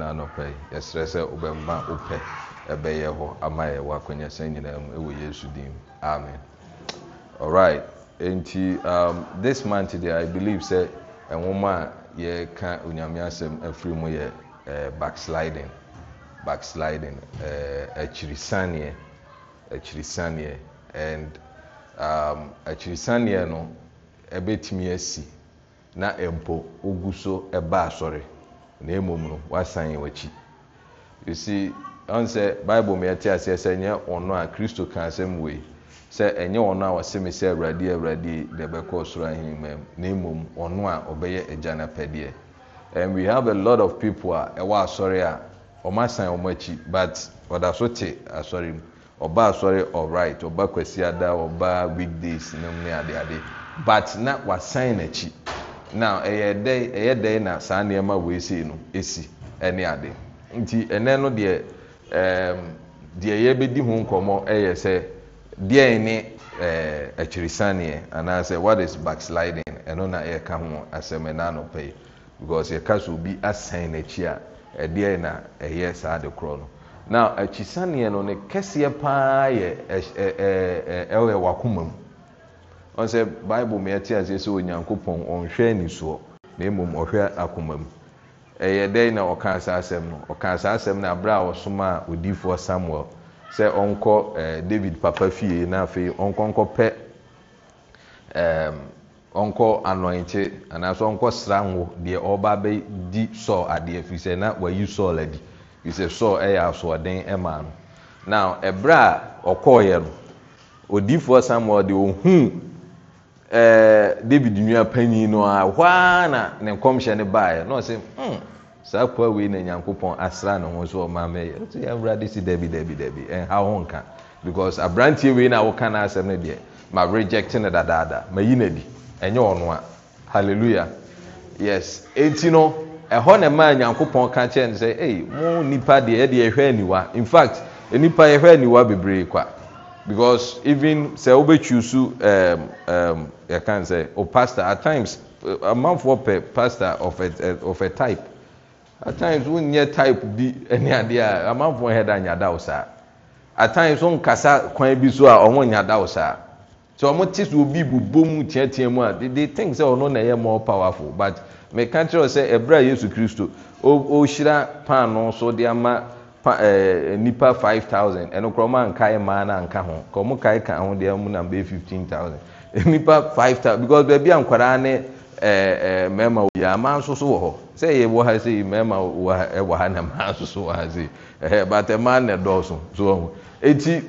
n'anɔpɛ yɛsrɛ sɛ wobɛma wopɛ ɛbɛyɛ hɔ ama yɛ wɔ akɔnyɛsɛn nyinaa mu ɛwɔ yesu dim amen alright nti um, this month deɛ i believe sɛ nwoma a yɛka onyame asɛm afiri mu yɛ ɛɛ eh, backsliding backsliding ɛɛ eh, akyirisaneɛ akyirisaneɛ and um, akyirisaneɛ no ɛbɛtumi esi na mpo ogu so ɛba asɔre. na mmom no woasane w'akyi ɛsi ɔn sɛ bible meyɛte aseɛ sɛ nye ɔno a kristo ka asɛm wei sɛ ɛnye ɔno a ɔseme sɛ awurade awurade de bɛkɔ soro ahenema mu na mmom ɔno a ɔbɛyɛ agya n'apɛdeɛ and we have a lot of people a ɛwɔ asɔre a ɔmo asan ɔmo akyi but ɔda so te asɔre mu ɔba asɔre alright ɔba kwasi ada ɔba weekdays ne mu ne ade ade but na wasan n'akyi. na ɛyɛ ɛyɛ dɛn na saa nnoɔma weesei no ɛsi ɛne ade nti ɛnɛ no deɛ ɛɛm deɛ yɛbɛdi ho nkɔmɔ ɛyɛ sɛ deɛ ne akyirisaneɛ anaasɛ whatis backsliding ɛno na yɛka ho asɛm ɛnaanɔpɛyi because yɛka so obi asɛn n'akyi a ɛdeɛ na ɛyɛ saa de korɔ no na akyisaneɛ no ne kɛseɛ paa yɛ ɛwɛ wakoma mu ɔn sɛ bible ma yɛte aseɛ sɛ onyankopɔn ɔnhwɛ anisoɔ na mmom ɔhwɛ akoma mu ɛyɛ dɛn na ɔkaa saa asɛm no ɔkaa asa asɛm na aberɛ a ɔsomaa odiyifoɔ samuel sɛ ɔnkɔ eh, david papa fie na afei ɔnkɔnkɔpɛ ɔnkɔ anɔnkye ehm, anaasɛ ɔnkɔ sra nwo deɛ ɔba bɛdi saul adeɛ firi sɛ na wayi saul adi firi sɛ saul ɛyɛ asoɔden maa no na ɛberɛ a ɔkɔɔyɛ no odiyifoɔ samuel de ɔhuu Eh, david nnua panyin no a hɔ ara na ne nkɔmhyɛ no baeɛ na ɔsɛ hmm, saa koa wei na nyankopɔn asra ne ho so ɔma mɛyɛ ɔtɛ awurade si dabi dabi dabi ɛnha eh, ho nka because aberanteɛ wei na woka no asɛm no deɛ ma reject no dadaada ma yi na di ɛnyɛ ɔno a hallelujah yes eti no ɛhɔ na ɛmaa nyankopɔn ka kyerɛ sɛ ei mo nipa deɛ ɛdeɛ ɛhwɛ n'iwa in fact nipa yɛhwɛ n'iwa bebree kwa because even sɛ wobɛtwiw so yɛkan sɛ o pastor at times amanfoɔ pɛ pastor of a of a type at times wonyɛ type bi ɛne adeɛ a amanfoɔ head anyada wo saa at times wonkasa kwan bi so a ɔmo nyada wo saa sɛ ɔmo te so obi bubɔ mu teatea mu a ah. they think sɛ ɔno oh, na ɛyɛ more powerful but meka kyerɛ sɛ ɛbrɛ a yesu kristo ɔhyira paano so de ama. Eh, nipa 5000 ɛno korɔ nkae mmaa no anka ho kɔmo kae ka ho deɛ mu nam bɛyɛ 15000 nipa 5000 because baabi a nkwadaa ne eh, eh, mmarima wɔ yia mmaa nso so wɔ hɔ sɛ yɛ wɔ ha sɛ mmarima wɔ ha na mmaa nso so wɔ ha sɛ ɛhɛ mmaa na dɔɔso so eti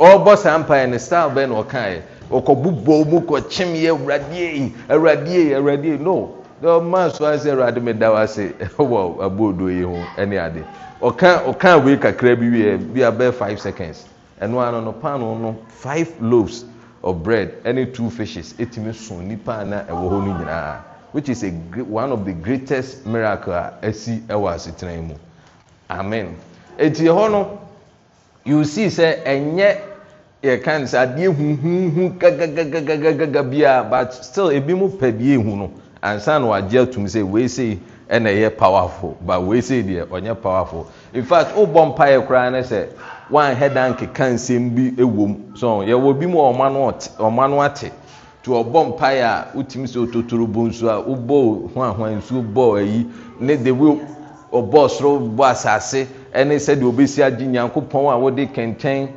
ɔrebɔ saa style na ɔkɔ bubɔ mu kɔ kyim yɛ awuradeɛ yi awuradeɛ yi no. ɔma so a sɛ awurade meda w ase wɔ abɔɔdoo yi ho ne ade ɔka wei kakra bi wie bia bɛɛ five seconds ɛno ano no pano no five loaves of bread ne two fishes ɛtumi so nnipa a na ɛwɔ hɔ no nyinaa which is a, one of the greatest miracle a asi wɔ asetena mu amen ɛnti hɔ no you see sɛ ɛnyɛ yɛka no sɛ adeɛ huhuhu gagagagagaga biaa but still ebi mu pɛ bie hu no ansa na wagye atum sɛ weesei ɛna ɛyɛ powerful but weesei deɛ ɔnyɛ powerful in fact wobɔ mpaeɛ koraa ne sɛ wanhɛda nkeka nsɛm bi ɛwom so yɛwɔ bi mu ɔma no ate nti ɔbɔ mpaeɛ a wotumi sɛ ototoro bɔ nsuo a wobɔ hwanhwan nsuo bɔɔ ayi ne de wo ɔbɔ soro bɔ asase ɛne sɛdeɛ obɛsi agye nyankopɔn a wode kɛntɛn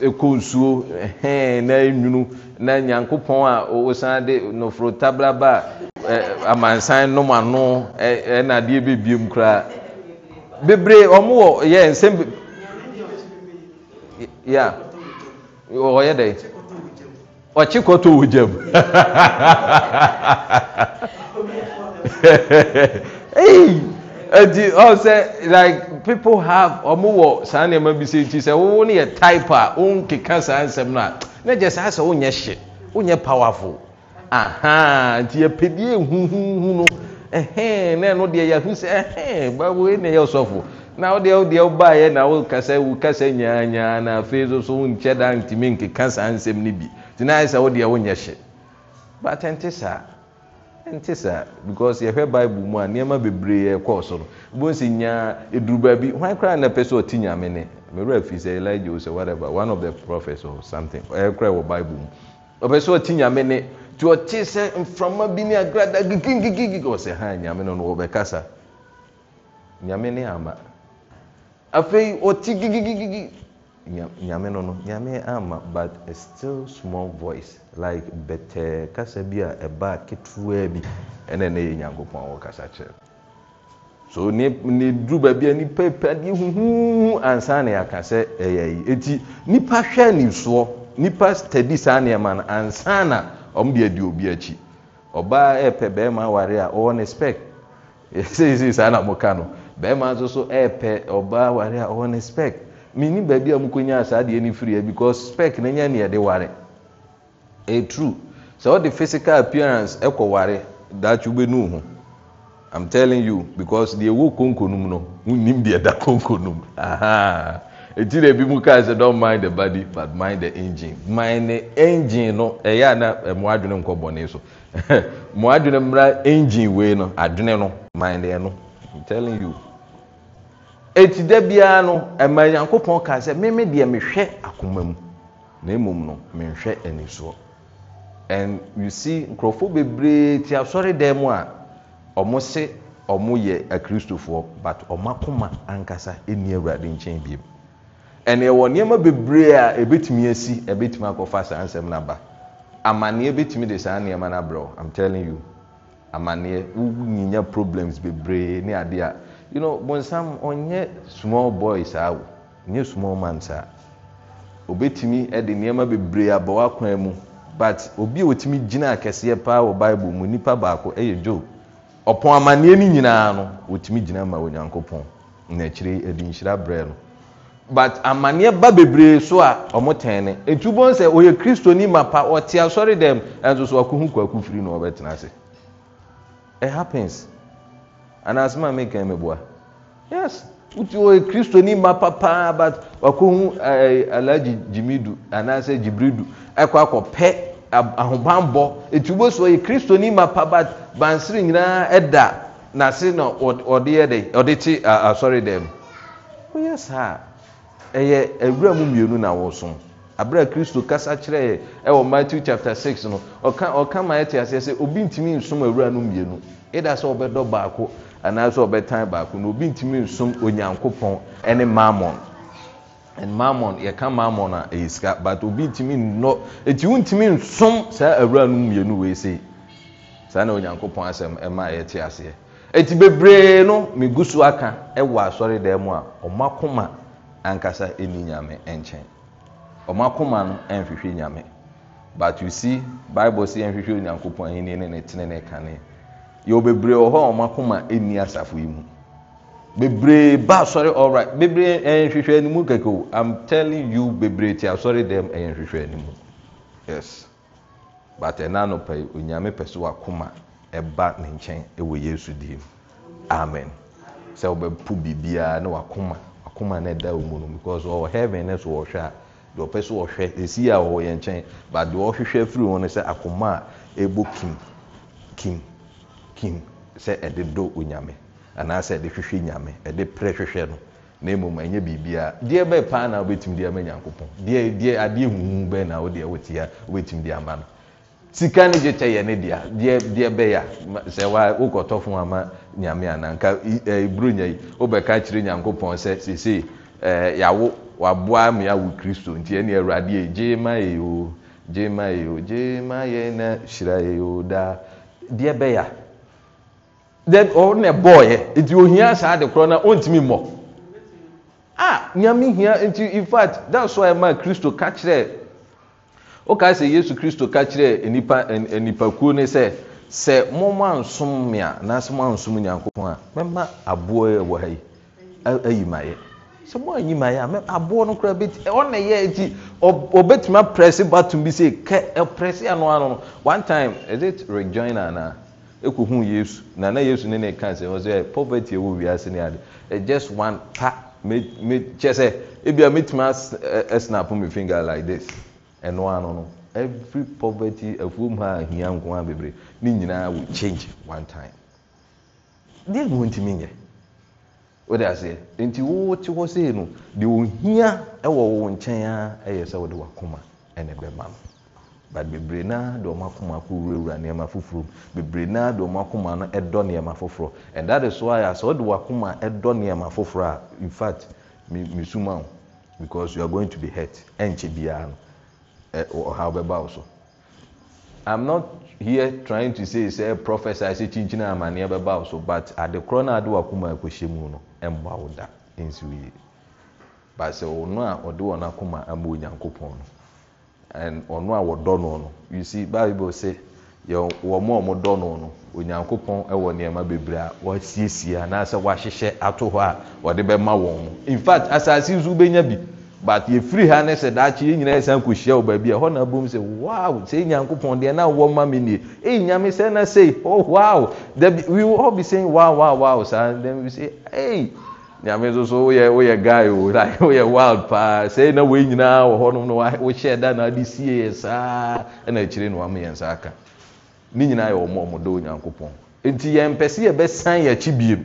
ɛkɔ nsuo hɛn na nwunu na nyankopɔn a wosan de noforo tabraba Eh, amansan nom ano ɛnadeɛ eh, eh, bɛbiem koraa bebree ɔmo wɔ yɛ nsɛm ya ɔyɛ dɛn ɔkye kɔtɔ wɔ gyam ɔ sɛ like people have wɔ saa nneɛma bi sɛ sɛ yɛ type a keka saa nsɛm gye saa sɛ powerful nti yɛpɛdeɛ huhuhu no na ɛno deɛ yɛahu sɛ bawei ne ɛyɛ ɔsɔfo na wodeɛ wodeɛ wobaeɛ na wokasa wokasa nyaanyaa na afei so so wonkyɛ da ntumi nkeka saa nsɛm no bi nti na ayɛ sɛ wodeɛ wonyɛ hye but ɛnte saa ɛnte saa because yɛhwɛ bible mu a nneɛma bebree ɛkɔɔ so no bɛhu sɛ nyaa ɛduru baabi hwan koraa na pɛ sɛ ɔte nyame ne mmerɛ afiri sɛ elijah o sɛ whatever one of the prophets or something ɛyɛ koraa wɔ bible mu ɔpɛ sɛ ɔte nyame ne nti ɔtee sɛ mframa bi ne agrada gigigigigi ɔsɛ ha nyame no no wɔbɛkasa nyame ne ama afei ɔte gigigigigi nyame no no nyame ama but a still small voice like bɛtɛɛ kasa bi a ɛba ketewaa bi ɛna ɛna yɛ nyankopɔn a wɔkasa kyerɛ so ne ne duru baabi a nipa pade huhuu ansa na yɛaka sɛ ɛyɛ yi eti nipa hwɛ nisoɔ nipa steady saa nneɛma no ansa na ɔmo deɛ di obi akyi ɔbaa ɛɛpɛ bɛrima ware a ɔwɔ ne spɛk seesei saa na mo ka no bɛrima nso so ɛɛpɛ ɔbaa ware a ɔwɔ ne spɛk mini baabi a mo konya saa deɛ ne firi yɛ because spɛk ne nyɛ neɛ de ware ɛyɛ true sɛ ɔde physical appearance ɛkɔ ware daakye wobɛnu ho i'm telling you because deɛ ɛwɔ konko no mu no deɛ da konko no ahaa ɛnti de bi mu kae sɛ don mind the body but mind the engine mind the engine no ɛyɛ e a na mmoa e adwene nkɔ bɔne so mmoa adwene mmra engine wei no adwene no mind ɛno i'm telling you ɛti da biara no ɛma e nyankopɔn kae sɛ meme deɛ mehwɛ akoma mu na mmom no menhwɛ anisoɔ and you see nkurɔfoɔ bebree te asɔre dan mu a ɔmo se ɔmo yɛ akristofoɔ but ɔmo akoma ankasa eni awurade nkyɛn biem ɛnna ɛwɔ nneɛma bebree a ebetumi asi ebetumi akɔfa saa nsɛm n'aba amaneɛ betumi de saa nneɛma n'abrɛw i'm telling you amaneɛ wunyinya problems bebree ne adeɛ a you know bonsam ɔnyɛ small boy saa o nyɛ small man saa obetumi ɛde nneɛma bebree abɔ wakwan mu but obi a otumi gyina akɛseɛ paa wɔ bible mu nipa baako ɛyɛ job ɔpɔn amaneɛ ne nyinaa no otumi gyina ma onyankopɔn n'akyire ɛde nhyira brɛ no. but amanneɛ ba bebree so a ɔmotɛn ne ɛtu bɔhu sɛ kristo ni ma pa ɔte asɔre dɛm ɛnso so akohu kwaku firi no ɔbɛtena ase ɛ happens anaasɛm a meka mɛboa yes woti kristo ni ma papaa but wakohu eh, eh, alagye gyimidu anaasɛ gyibridu ɛkɔ akɔpɛ ahobanbɔ ɛtu bɔ so kristo ni ma pa but bansere nyinaa ɛda nase na ɔde yɛ dɛ ɔde te asɔre dɛm woyɛ saa ɛyɛ awura mu mmienu na wɔsom aberɛ a kristo kasa yɛ ɛwɔ matthew chapter six no ɔka ɔka ma ɛte aseɛ sɛ obi ntumi nsum awura no mmienu ɛda sɛ ɔbɛdɔ baako anaasɛ ɔbɛtan baako na obi ntumi nsum onyankopɔn ɛne mammon and mammon yɛka mammon a ɛyɛ sika but obi ntumi nnɔ ɛti wontumi nsum saa awura no mmienu wei sei saa na onyankopɔn asɛm ɛma yɛte aseɛ eti bebree no megu so aka ɛwɔ asɔre dan mu a ɔmo akoma ankasa ɛnni nyame nkyɛn ɔmo akoma no ɛnhwehwɛ nyame but you see bible si ɛnhwehwɛ onyankopɔn ɛnni ne ne tene ne kane yɛwɔ bebree wɔ hɔ a ɔmo akoma ɛnni asafo yi mu bebree ba asɔre alright bebree ɛnhwehwɛ anim kɛkɛ o i'm telling you bebree ti asɔre dɛm ɛnhwehwɛ anim yes but ɛna no pɛ onyame pɛ so akoma ɛba ne nkyɛn ɛwɔ yesu dim amen sɛ ɔbɛpo biribiara ne wakoma. koma no ɛda ɔ mu no because ɔwɔ heaven no so wɔhwɛ a deɛ ɔpɛ so ɔhwɛ, esi a wɔwɔ yɛ nkyɛn but deɛ ɔhwehwɛ firi ho no sɛ akoma a ɛbɔ kimkimkim sɛ ɛde dɔ onyame anaasɛ ɛde hwehwɛ nyame ɛde prɛ hwehwɛ no na mmom ɛnyɛ biribiaa deɛ bɛɛ paa na wobɛtumi deɛ ama nyankopɔn deɛ adeɛ huhu bɛɛ na wodeɛ wotia wobɛtumi deɛ ama no sika no gye kyɛ yɛ ne dea deɛ bɛyɛ sɛ wokɔtɔ fo ama nyame ananka buro nya yi wobɛka kyerɛ nyankopɔn sɛ sesei yɛawo waboa mmea wo kristo nti ɛne awurade yi gye ma yɛ o gye ma yɛ o gye ma yɛ na hyira yɛ o daa deɛ bɛyɛ then ɔne bɔɔyɛ nti ohia saa de korɔ na ɔntumi mmɔ a nyame hia nti in fact that's why ma kristo ka kyerɛ wokae sɛ yesu kristo ka kyerɛɛ nipakuo no sɛ sɛ momma ansom me a anaasɛ moansom nyankopɔn a mɛma aboɔ wɔ ha yi ayimayɛ sɛ moanyimayɛ a aboɔ no kora ɔnɛ yɛ akyi ɔbɛtumi aprɛse batom bi se kɛ ɛprɛse ano ano no one time is it rejoin anaa ɛkɔhuu yesu na na yesu ne ne ka sɛ wɔ sɛ poverty ɛwɔ wiase ne ade just one pa mekyɛ sɛ ebia mɛtumi asnapo me finger like this ɛno ano no every poverty afuom hɔ a ahia nko a bebree ne nyinaa will change one time deɛ na wɔntumi nyɛ wode aseɛ nti wowote hɔ sei no deɛ ohia wɔ wo nkyɛn a ɛyɛ sɛ wode wakoma ɛne bɛma no but bebree naa de ɔmo akoma akɔ wurawura nneɛma foforɔ bebree naa de ɔmo akoma no ɛdɔ nneɛma foforɔ and that is why asɛ ɔde wakoma ɛdɔ nneɛma foforɔ a in fact mi mi suma o because you are going to be hurt ɛnkyɛ biara no. ɔhaw bɛba wo i'm not here trying to say sɛ prophesy sɛ kyinkyini amanneɛ bɛba wo so but adekorɔ no ade wakoma akɔhyɛ mu no mmoa wo da nsi wo yie but sɛ ɔno a ɔde wɔn akoma ama onyankopɔn no and ɔno a wɔdɔ no no you see bible say yɛn wɔn a wɔdɔ no no pọn wɔ nneɛma bebree a wɔasiesie anaasɛ wɔahyehyɛ ato hɔ a wɔde bɛma wɔn in fact asase nso bɛnya bi. but yɛfiri ha ne sɛ daakye yɛ nyinaa ɛsan kɔhyia wo baabi a ɛhɔ na abom sɛ wow sɛ nyankopɔn deɛ na wɔ ma me nie ɛyi nyame sɛ na sei oh wow dabi we will all be saying wow wow wow saa then we say hey nyame nso so woyɛ woyɛ guy o oh, like woyɛ oh, wild paa sɛ na wɔn nyinaa wɔ hɔnom na wɔhyɛ da na adi sie yɛ saa ɛna akyire na wɔn yɛn saa ka ne nyinaa yɛ wɔn a wɔdɔ nyankopɔn nti yɛn mpɛ sɛ yɛbɛsan yɛ akyi biem.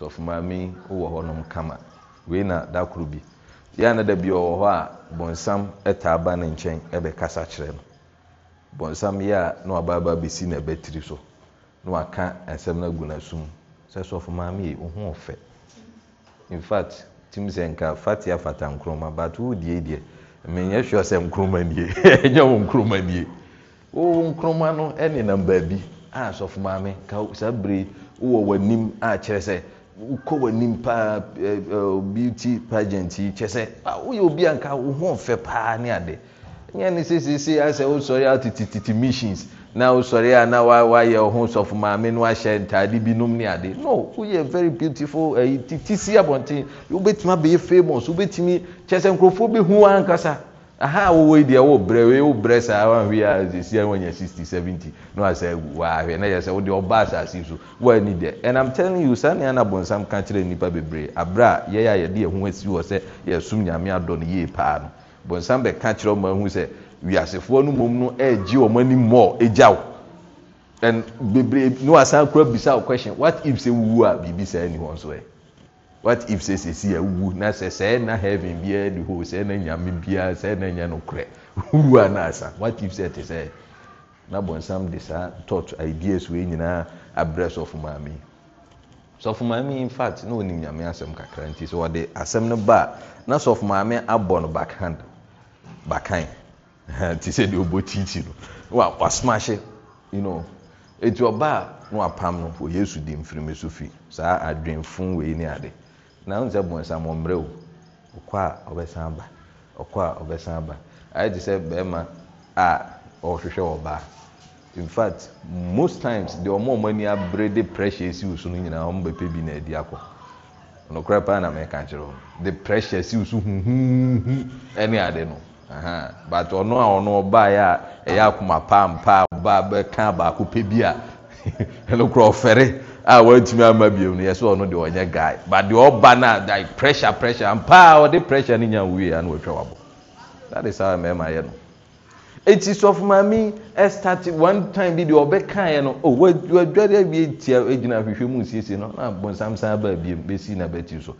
sɔfo maame wɔ hɔnom kama wei na dakoro bi yɛa na da bi ɔwɔ hɔ a bɔnsam taa ba ne nkyɛn bɛkasa kyerɛ no bɔnsam yɛ a na wabaaba bɛsi no bɛtiri ah, so na waka nsɛm no agu nosum sɛ sɔfo maame yi wohu ɔfɛ infact tim sɛ nka fate afata nkroma but wodie deɛ menyɛ hwɛ sɛ nkroma nie ɛnyɛ wo nkroma nie wo nkroma no nenam baabi a sɔfo maame saa bere wowɔ w'anim a ah, kyerɛ sɛ wokɔ w'anim paa eh, eh, beauty pageant yi kyɛ sɛ ah, woyɛ obi anka wo ho ɔfɛ paa ne ade nyɛ ne sesese asɛ wosɔre a tetetete missions na wosɔre a na wayɛ ɔho sɔfo maame no ahyɛ ntaade binom ne ade no woyɛ very beautiful ɛyi eh, titi si abɔnten wobɛtumi abɛyɛ famous wobɛtumi kyɛ sɛ nkurɔfoɔ bɛhu ankasa aha wowɔi deɛ wobrɛ wobrɛ saa wahweɛsɛsia wanya 60 70 na asɛ wahwɛ na yɛ sɛ wode ɔba asase so woani deɛ And I'm telling you saa nneɛ anabonsam ka kyerɛ nnipa bebree aberɛ a yɛyɛ a yɛde yɛho asi wɔ sɛ yɛsom nyame adɔ no yie paa no bonsam bɛka kyerɛ ɔma hu sɛ wiasefoɔ no e, mmom no ɛgye ɔ mani mɔɔ ɛgya e, wo And bebree no, wasan kora bisa wo question what if sɛ wowu a biribi saa nni hɔ nso ɛ e? what if say sɛsi awu na sɛ sɛɛ na heaven biara di hɔ sɛɛ na nyame biara eh, sɛɛ na nya no korɛ wu anaasa what if say te sɛ na bɔnsam de saa thought ideas wei nyinaa abrɛ sɔfo maame sɔfo maame in fact na onim nyame asɛm kakra nti sɛ wɔde asɛm no ba na sɔfo maame abɔ no backhand bakan te sɛ deɛ ɔbɔ tiiti no wa wasmahye you know eti ɔbaa na wapam no wɔ yesu di mfirimu so fi saa adwenfun wei ne ade. na nsɛ bonsam ɔmmerɛ o ɔkɔ a ɔbɛsan aba ɔkɔ a ɔbɛsan aba ayɛ te sị barima a ọbaa in fact most times di ọmụ ọmụ ani abere de pressure si so ọmụ nyinaa bi na adi akọ nokora paa na mɛka kyerɛ o de pressure huhuhu but a baako a a ah, wɔntumi ama bio no yɛsɛ ɔno deɛ ɔnyɛ guy but deɛ ɔba no a like pressure pressure mpaa ɔde pressure no nya wie a na wɔatwa wabɔ that is how mmarima yɛ no eti sɔfo maame ɛstati one time bi deɛ ɔbɛkaeɛ no o oh, wadware awie tia egyina ahwehwɛ mu nsiesie no na bonsam san aba abie mu besi na bɛti so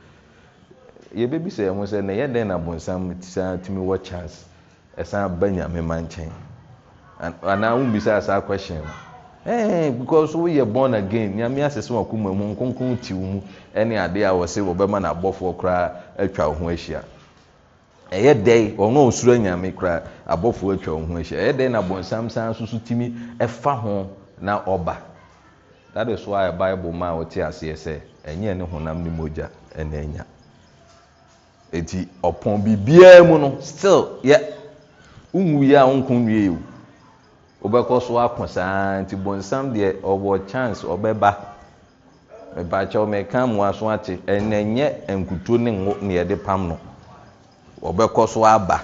yɛbɛbi sɛ ɛho sɛ na yɛ dɛn na bonsam san tumi wɔ chance ɛsan ba nyame ma nkyɛn anaa ahombi sɛ asa question Eh, because we are born again nyame asese wɔn akoma mu nkonkron ti mu ɛne adeɛ a wɔsɛ wɔbɛma n'abɔfoɔ koraa atwa wɔn ho ahyia ɛyɛ dɛɛ wɔn a osuro nyame koraa abɔfoɔ atwa wɔn ho ahyia ɛyɛ dɛɛ na bɔnsam san soso timi ɛfa ho na ɔba that is why bible maa ɔte aseɛ sɛ ɛnyɛ ne honam ne mogya ɛna enya eti ɔpɔn bibiara mu no still yɛ nwu yɛ a nko nwie o. wobɛkɔ so ako saa nti bɔnsam deɛ ɔwɔ chance ɔbɛba mepakyɛw meka mmoa aso ate ɛnɛ nyɛ nkutu ne ngo ne yɛde pam no ɔbɛkɔ so aba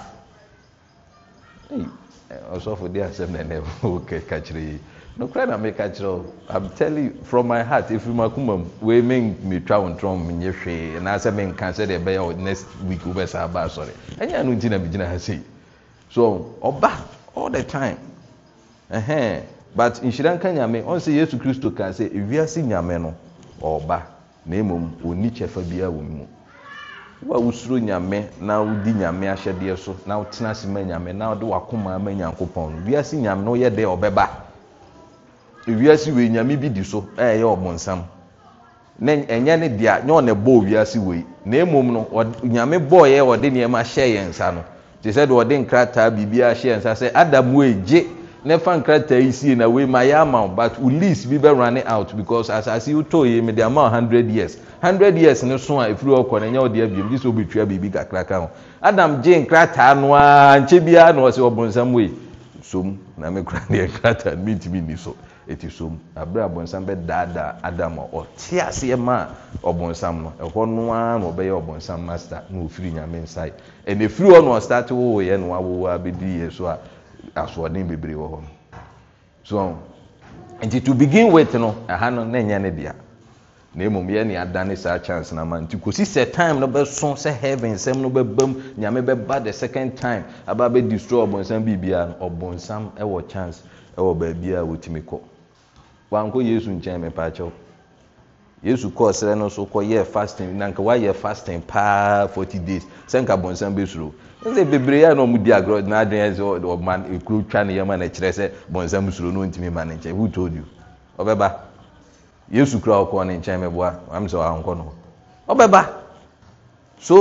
ɔsɔfo de asɛm nɛnɛ ka kyerɛ yi nokora na meka kyerɛ o i'm telling you from my heart efiri mu akoma mu wei me metwa wɔn tɔn mu nye hwee anaasɛ me nka sɛ deɛ ɛbɛyɛ wɔ next week wobɛsa aba asɔre ɛnyɛ ano nti na me gyina ha sei so ɔba all the time. ɛhɛn but nhyira nka nyame ɔn sɛ yesu kristo kaa sɛ ewiase nyame no ɔɔba na mmom ɔni kyɛfa biara wɔ mu wa wosuro nyame na wodi nyame ahyɛdeɛ so na wotena ase ma nyame na wode wakoma ama nyankopɔn no wiase nyame no yɛ deɛ ɔbɛba ewiase wei nyame bi di so ɛyɛ ɔbɔnsam ne ɛnyɛ ne dea nyɛ ɔne bɔ wiase wei na mmom no nyame bɔɔyɛ ɔde nneɛma hyɛ yɛn nsa no te sɛ deɛ ɔde nkrataa biribiara hyɛ yɛn nsa sɛ adam wei nefa nkrataa yi sie na wei ma yɛ ama wo but wo lease bi bɛ run out because asase wotɔ yi mi de ama wo hundred years hundred years ne so a efiri hɔ kɔ na nyɛ ɔde abiem gye sɛ obetua biribi kakraka ho adam gye nkrataa noa ara nkyɛn biara na ɔsɛ ɔbɔnsam wei som na mi kura deɛ nkrataa no mi ntumi ni so eti som abere abɔnsam bɛ daadaa adam a ɔte aseɛ ma ɔbɔnsam no ɛhɔ noa ara na ɔbɛyɛ ɔbɔnsam master na ofiri nyame nsae ɛna efiri hɔ na ɔstart wowo yɛ na wawowo abɛdi yɛ so a asoɔden bebree wɔ hɔ so nti to begin with no ɛha no na ɛnyɛ ne dea na mmom yɛ ne adane saa chance na ma nti kɔsi sɛ time no bɛso sɛ heaven nsɛm no bɛba mu nyame bɛba the second time aba bɛ destroy ɔbɔnsam biribiara no ɔbɔnsam ɛwɔ chance ɛwɔ baabi a wɔtumi kɔ wankɔ yesu nkyɛn mepaakyɛw yesu kɔɔ srɛ no so kɔyɛɛ fasting na nka wayɛ fasting paa forty days sɛ nka bɔnsam bɛsuro ɛɛɛ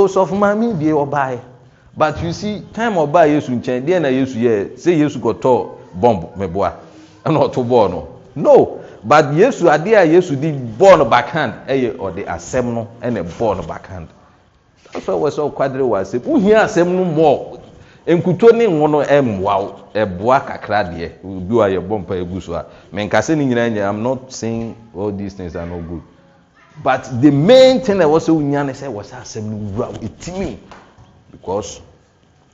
sɔfoma midie ɔbaɛ bt timeɔbayskyɛnɛnaɛɛ ɔɔɔnɔɔ yes adeɛ a yes de bɔɔ no bakand yɛ ɔde asɛm no nɛ bɔɔ no backand ɛsɛ wɔ sɛ wɔ asɛm wohia asɛm no mmɔɔ nkuto ne nwo no mmoa ɛboa kakra deɛ obi wa yɛbɔ mpa egu so a menkase ne nyinaa nyɛ i'm not saying all these things are not good but the main thing ɛwɔ sɛ wonya ne sɛ wɔ sɛ asɛm no wura wo etimi because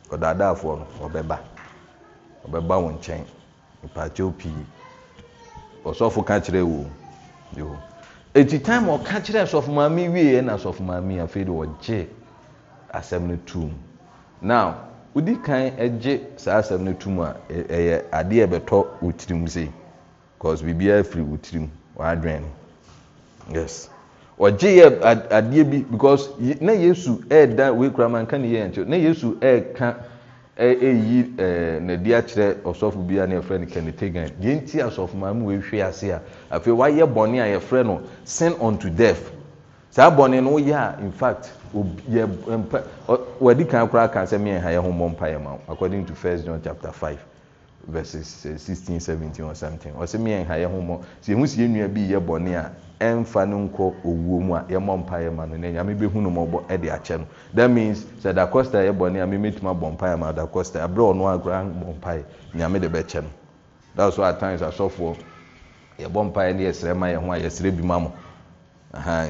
ɔdaadaafoɔ no ɔbɛba ɔbɛba wɔn nkyɛn mpaakyɛw pii ɔsɔfo ka kyerɛ wo yo eti time ɔka kyerɛ sɔfo maame wie yɛ na sɔfo maame afei de ɔgye asɛm no tu now wodi kan gye saa asɛm no tu mu a ɛyɛ adeɛ bɛtɔ wo tiri mu sei cause biribiara firi wo tiri mu w'adwene no yes ɔgye yɛ adeɛ bi because na yesu ɛɛda wei kura ma nka ne yɛ nkyɛn na yesu ɛɛka ɛɛyi ɛɛ n'adi akyerɛ ɔsɔfo bi a na yɛfrɛ no kɛne tegan deɛ nti asɔfo maa mu wɔahwe ase a afei wayɛ bɔnne a yɛfrɛ no sin unto death saa bɔnne no woyɛ a in fact wɔadi kan koraa ka sɛ miɛha yɛ ho mmɔ mpayɛ ma according to 1 john chapter 5 1617 eh, ɔsɛ miɛha yɛ ho mmɔ sɛ yɛhu si yɛnnua bi yɛ bɔne a ɛmfa no nkɔ owuo mu a yɛmmɔ mpayɛ ma no na nyame bɛhu no mmɔbɔ de akyɛ no that means sɛ da costa yɛ bɔne a memɛtumi abɔ mpayɛ ma da costa aberɛ ɔno akoraa bɔ mpaeɛ nyame de bɛkyɛ no that's why at times asɔfoɔ yɛbɔ mpaeɛ ne yɛsrɛ ma yɛ ho a yɛsrɛ bi ma mo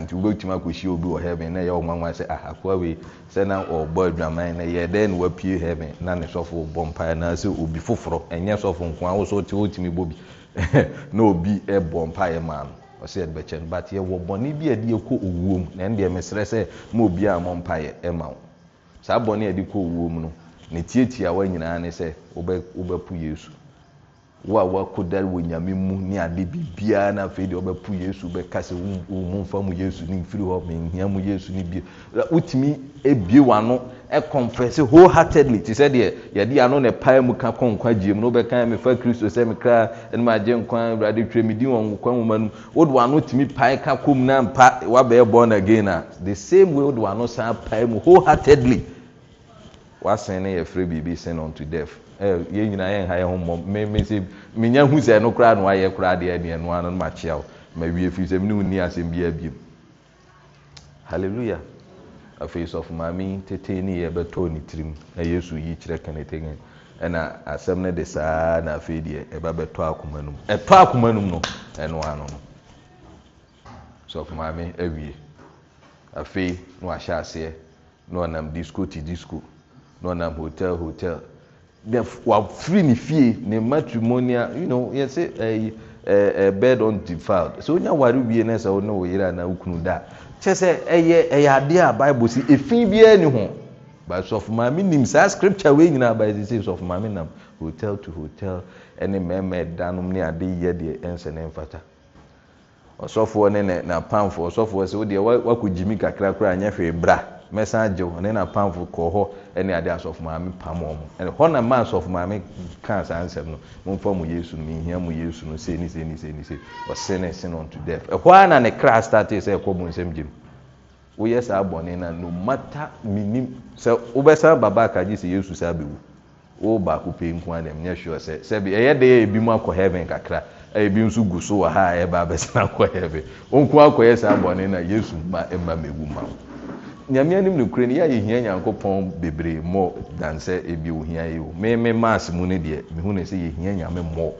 nti wobɛtumi akɔhyia obi wɔ heaven na yɛ ɔwanwa sɛ ahakoa wei sɛ na ɔbɔ adwaman na yɛ dɛn na wapue heaven na ne sɔfo bɔ mpaeɛ na sɛ obi foforɔ ɛnyɛ sɔfo nko a wosɔ te wotumi bɔ bi na obi bɔ mpaeɛ maa no ɔsɛ yɛde bɛkyɛ no but yɛwɔ bɔne bi a yɛde kɔ owuo mu na ɛndeɛ mesrɛ sɛ ma obi a mɔ mpaeɛ ma wo saa bɔne a yɛde kɔ owuo mu no ne tietie a wɔn nyinaa ne sɛ wobɛpo yesu wo a woakɔdare wɔ nyame mu ne ade bibiaa no afei deɛ wobɛpo yesu bɛka sɛ momfa mu yesu ne mfiri hɔ menhia mu yesu e no bio wotumi bie w'ano ɛkɔmfɛse wholeheartedly te sɛdeɛ yɛde ano ne pae mu ka kɔnkwa gyee mu no wobɛka mefa kristo sɛ mekraa ɛnom agye nkwa awurade twerɛ medi wɔn nkwa nwoma no wode w'ano tumi pae ka kom no ampa woabɛyɛ born again a the same way wode w'ano saa pae mu wholeheartedly woasɛn no yɛfrɛ biribi sɛn unto death ɛnyinaɛosnoanɛakafafei sfomameeenɛtɔ n tiimsi kyerɛ kna asm no de saafeɛɛɔɔ faeieafi na ahyɛaseɛ na ɔnam disco te disco na ɔnam hotel hotel wafiri ne fie ne matrimonial you know yɛsɛ ɛyi ɛɛ bed undefiled sɛ onya wari wie na sɛ ɔne wɔ yere anaa okunu da kyɛ sɛ ɛyɛ ɛyɛ adeɛ a bible si efi biara ni ho by sɔfo maame nim saa scripture wei nyinaa by sisi sɔfo maame nam hotel to hotel ɛne mɛɛmɛ ɛdanom ne ade yɛ deɛ ɛnsɛ ne mfata ɔsɔfoɔ ne ne n'apanfoɔ ɔsɔfoɔ sɛ o deɛ wakɔ gyimi kakra koraa nyɛ hwee bra. mɛsan gye na pamfo hɔ ade asɔfo maame pam wɔn hɔ na mma asɔfo maame kaa saa nsɛm no momfa mu yesu no mihia mu yesu no ne ne ne ɔse ne death ɛhɔ na ne kra starte sɛ ɛkɔ mu nsɛm gyem woyɛ saa na no mata sɛ wobɛsan sɛ yesu saa bɛwu wo baako pɛ nko a nyɛ sure nyame anim no kura no yɛ ayɛ hia nyankopɔn bebree mmɔ dan sɛ ebi ohia yi o me me maas mu no deɛ mehu no sɛ yɛhia nyame mmɔ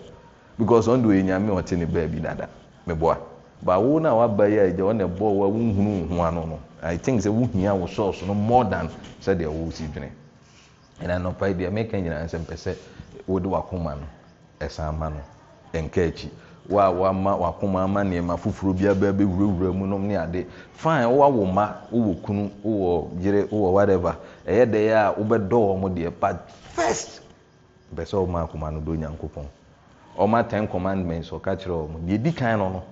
because ɔno deɛ nyame ɔte ne baabi dada meboa baawo no a waba yi a deɛ ɔna ɛbɔ wa wohunu ho ano no i think sɛ wohia wo source no more than sɛdeɛ wosi dwene ɛna nɔpa yi deɛ meka nyinaa sɛ mpɛ sɛ wode wakoma no ɛsan ma no ɛnka akyi wama wakoma ama nnoɔma foforɔ biabaa bɛwurawura mu nom ne ade fai wowawo ma wowɔ kunu wowɔ yere wowɔ whatever ɛyɛ dɛeɛ a wobɛdɔ wɔ mo deɛ but first pɛ sɛ woma akoma no ɔma 10 commandments ɔka kyerɛ wɔ no no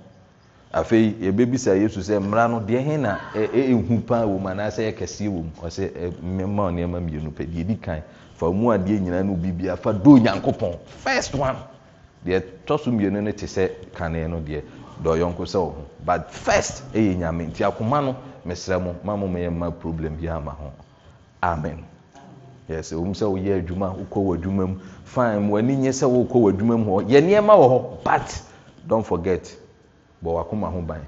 afei yɛbɛbisa yesu sɛ mmara no deɛ he na ɛhu paa wɔ mu anaasɛ wɔ mu ɔsɛ mmienu pɛ deɛ kan fa mu adeɛ nyinaa no fa first deɛ tɔ so mmienu no te sɛ kaneɛ no deɛ dɔyɔnko sɛ wo ho but first ɛyɛ nyame nti akoma no mesrɛ mo ma mo meyɛ ma problem bi ama ho amen yes wɔn sɛ woyɛ adwuma wokɔ wɔ adwuma mu fine wɔn ani nyɛ sɛ wokɔ wɔ adwuma mu hɔ yɛ nneɛma wɔ hɔ but don't forget bɔ wakoma ho ban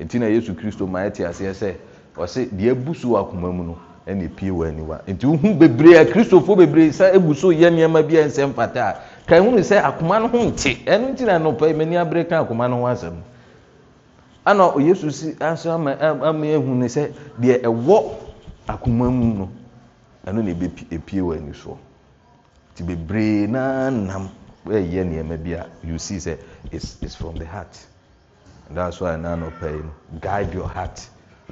nti na yesu kristo ma ɛte aseɛ sɛ ɔsɛ deɛ ebu so wɔ akoma mu no ɛna epie wɔ aniwa nti wohu bebree a kristofoɔ bebree sɛ ebu so yɛ nneɛma bi a nsɛm fata a kan hunu sɛ akoma no ho nte ɛno nti na nɔpɛ m'ani abere ka akoma no ho asɛm ana yesu si aso ama ama ehu ne sɛ deɛ ɛwɔ akoma mu no ɛno na ebe epie wɔ ani soɔ ti bebree naa nam ɛyɛ nneɛma bi a you see sɛ it's it's from the heart that's why na nɔpɛ yi no guide your heart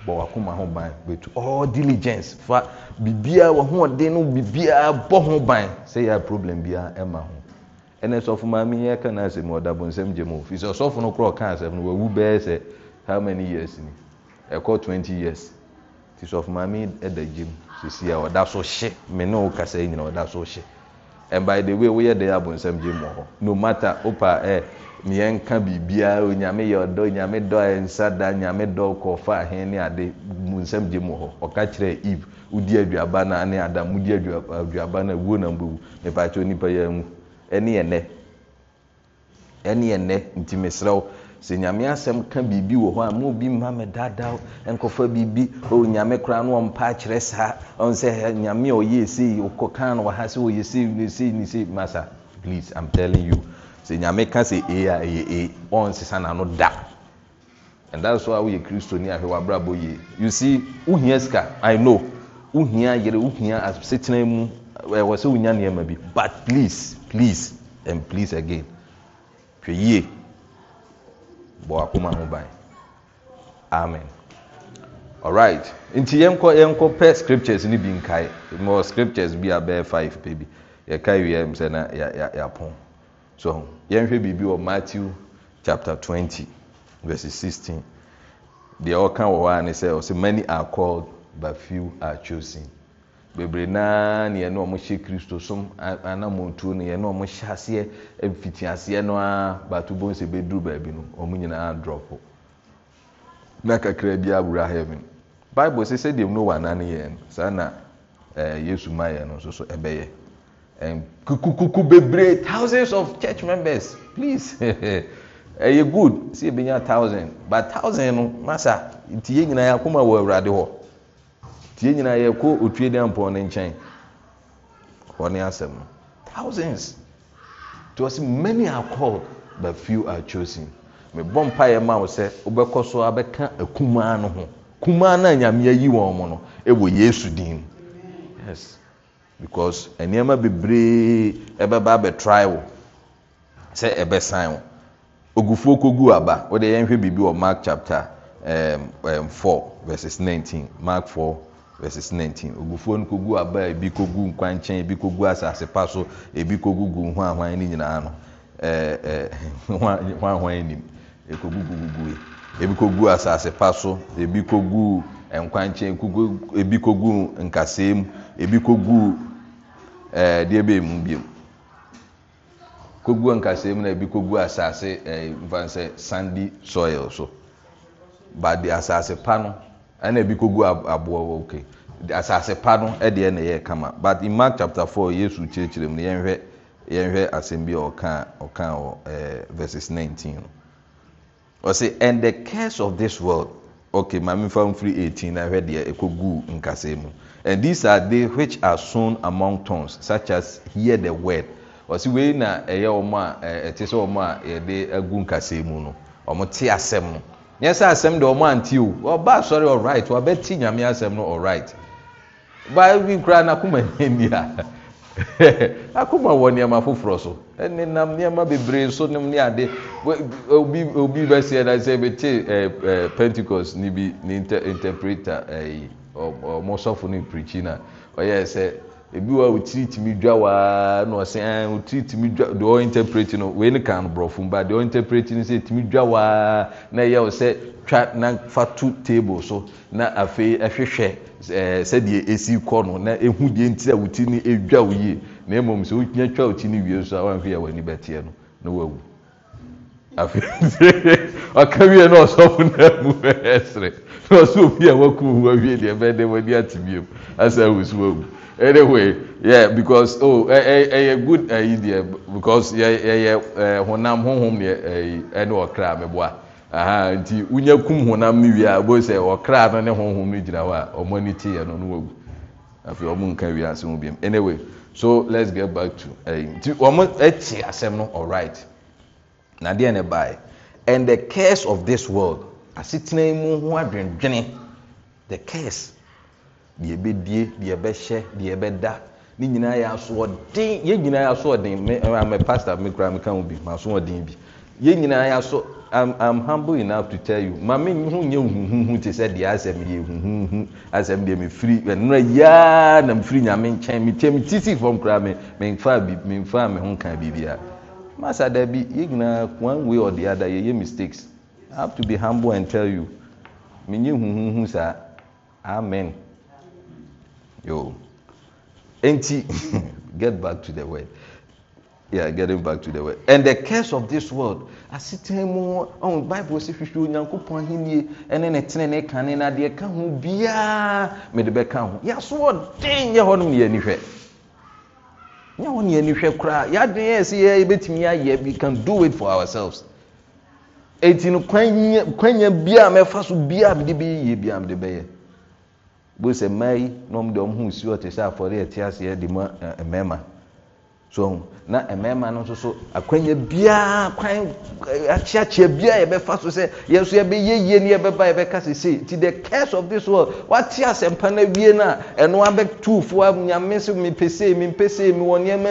bɔ wakoma ho ban with all diligence fa bibia wɔn ho ɔden no bibia bɔ ho ban sɛ yɛ problem bia ɛma ho ɛne sɔfo maame yɛ ka n'asɛm ɔdabɔ nsɛm gye mu fi sɛ ɔsɔfo no korɔ ɔka asɛm no wawu bɛyɛ sɛ how many years ni ɛkɔ twenty years ti sɔfo maame ɛda gye mu sisi a ɔda so hye me ne ɔkasa yi nyina ɔda so hye and by the way woyɛ de abɔ nsɛm gye mu hɔ no matter opa ɛ nìyɛn nka biribiara o nyame yɛ ɔdɔ nyame dɔ ɛ nsa da nyame dɔ kɔfa ahɛn ne ade mu nsɛm gye mu hɔ ɔka kyerɛ eve wodi aduaba na ne adam wodi aduaba na wuo na mbɛwu nipa kyɛ onipa yɛ nwu. ɛneɛnɛ ɛneɛnɛ nti mesrɛ wo sɛ nyame asɛm ka biribi wɔ hɔ a maobi mma me dadaw nkɔfa biribi nyame koraa no ɔmpa akyerɛ saa ɔn sɛ nyame a ɔyɛ sei wokɔkaa no wɔha sɛ ɔyɛ seine sei masa please i'm telling you sɛ nyame ka sɛ ee a ɛyɛ ee ɔnsesa n'ano da and that's why woyɛ kristoni ahwɛ w'abrabɔ yie you see wohia sika i know wohia yere wohia asetena mu ɛwɔ sɛ wonya nneɛma bi but please please and please again hwɛ yie bɔ akoma ho ban amen alright nti yɛnkɔ yɛnkɔ pɛ scriptures ni bi nkae mɔ scriptures bi a five baby yɛkae wie sɛ na yɛapɔn so yɛnhwɛ biribi wɔ matthew chapter twenty verse sixteen deɛ ɔka wɔ hɔ a ne sɛ ɔsɛ many are called but few are chosen bebree naa ni yɛne ɔmo hyɛ kristo som anamontuo ne yɛne ɔmo hyɛ aseɛ mfiti aseɛ no ara baatu bɔ nsɛ bɛduru baabi no ɔmo nyinaa drɔpo na kakra bi awura heaven bible sɛ sɛdeɛ mu no wɔ anan yɛ no saa na ɛɛ eh, yesu ma yɛ no nso ɛbɛyɛ ɛn kukukuku bebree thousands of church members please ɛyɛ good sɛ ebi nya thousand but thousand no masa nti yɛ nyinaa yɛ akoma wɔ awurade hɔ. tie nyinaa nyinaa yɛkɔ otue ne onye ne nkyɛn wɔne asɛm no thousands it was many are called but few are chosen mebɔ mpa yɛ ma wo sɛ wobɛkɔ so abɛka kumaa no ho kumaa no a nyame ayi wɔn mo no ɛwɔ yesu din yes because nneɛma bebree ɛbɛba abɛtrae wo sɛ ɛbɛsan wo ogufuo kogu aba wode yɛnhwɛ biribi wɔ mark chapter um, um, 4 verses 19 mark 4 19 ogufuo nkogu aba ebi kogu nkwankyɛn ebi kogu asase pa so ebi kogu gu ho ahwan no nyinaa no eh, eh, ho ahwan anim ekogu gugu ebi kogu asase pa so ebi kogu nkwankyɛn ebi kogu nkaseɛ mu ebi kogu eh, deɛ bɛyɛ mu biem kogu nkaseɛ mu na ebi kogu asase mfa nsɛ sandy soil so ba de asase pa no. ɛna ebi kɔgu aboɔ wɔ ok asase pa no ɛdeɛ na ɛyɛ kama but in mark chapter four yesu kyerɛkyerɛ mu yɛnhwɛ yɛnhwɛ asɛm bi a ɔka ɔka wɔ ɛɛ eh, verses nineteen no ɔsi and the curse of this world okay maame fa nfiri eighteen na ɛhwɛ deɛ ɛkɔgu nkasa mu and these are they which are sown among thorns such as hear the word ɔsi wei na ɛyɛ wɔn a eh, ɛte sɛ wɔn a yɛde agu nkasa mu no wɔn te asɛm no yɛ sɛ asɛm de ɔmo anti o ɔba asɔre ɔright wabɛti nyame asɛm no ɔright baa bi koraa n'akoma nyɛni a akoma wɔ nneɛma foforɔ so ɛne nam nneɛma bebree so ne ne ade obi obi bɛsi ɛda sɛ ebɛte ɛɛ ɛɛ Pentecost ne bi ne inter interpreter ɛɛ ɔmo sɔfo ne pirikyi na ɔyɛ sɛ. Eh, ebi wa otiri timi dwa waa na ɔsɛn ɛn eh, otiri timi dwa deɛ ɔinterpreti no wei ne kan borɔfo mba deɛ ɔinterpreti no sɛ eh, tìmi dwa waa na ɛyɛ o sɛ twa na fa to table so na afei ɛhwehwɛ eh, ɛɛ sɛdeɛ esi kɔ no na ehu deɛ nti a otiri no edwa o yie na emom sɛ otinya twa otiri no wie so a wɔn ahwɛ yɛ wɔn ani bɛteɛ no na wawu afei ɔka wie na ɔsɔfo na mu ɛsere na ɔsɛ obi e a wakum wawie deɛ ɛbɛn deɛ wɔde ati biem asɛ ahusu wawu anyway yeah because oh ɛyɛ eh, eh, eh, good ɛyi deɛ because yɛyɛ ɛɛ honam honhom deɛ ɛyi ɛne ɔkra mɛboa aha nti wunya kum honam no wia abo sɛ ɔkra no ne honhom no gyina hɔ a ɔmo ani te yɛ no no wagu afei ɔmo nka wia asɛm bi mu anyway so let's get back to ɛyi nti ɔmo ɛkyi asɛm no alright na deɛ ne baae and the curse of this world asetena mu ho adwendwene the curse. deɛi deɛhyɛ deɛda eyiaaɛaiaaɛpaso iɛiaɛeo aeoɛ eɛeefaefiaekɛ foidaiɛiaeɛsaksoameyɛ hsɛamen ntia n the case of this wrld asetamu bible sɛ hwwɛ onyankopɔn hennie ne no tenekane nadekaho biaa mede bɛkaho yɛasoɔ deyɛ mnenyɛɔnnihɛ oaa yɛdweɛsɛybɛtumi yɛay kan doit fo ouselves nti no kwanya biaa mɛfa so biaa mede bɛyɛye bia mede bɛyɛ bu sɛ mmaa yi na wɔn de wɔn ho nsuo ɔte sɛ afɔre ɛte aseɛ de eh, ma mmarima so na mmarima no nso so akwanya biara kwan akyeakyeɛ biara yɛbɛfa so sɛ yɛn nso yɛbɛyɛ yie ne yɛbɛba yɛbɛka sese ti the curse of this world wate asɛmpa no awie na? a ɛno abɛtu fo a nyame so mepesee mempesee mi wɔ nneɛma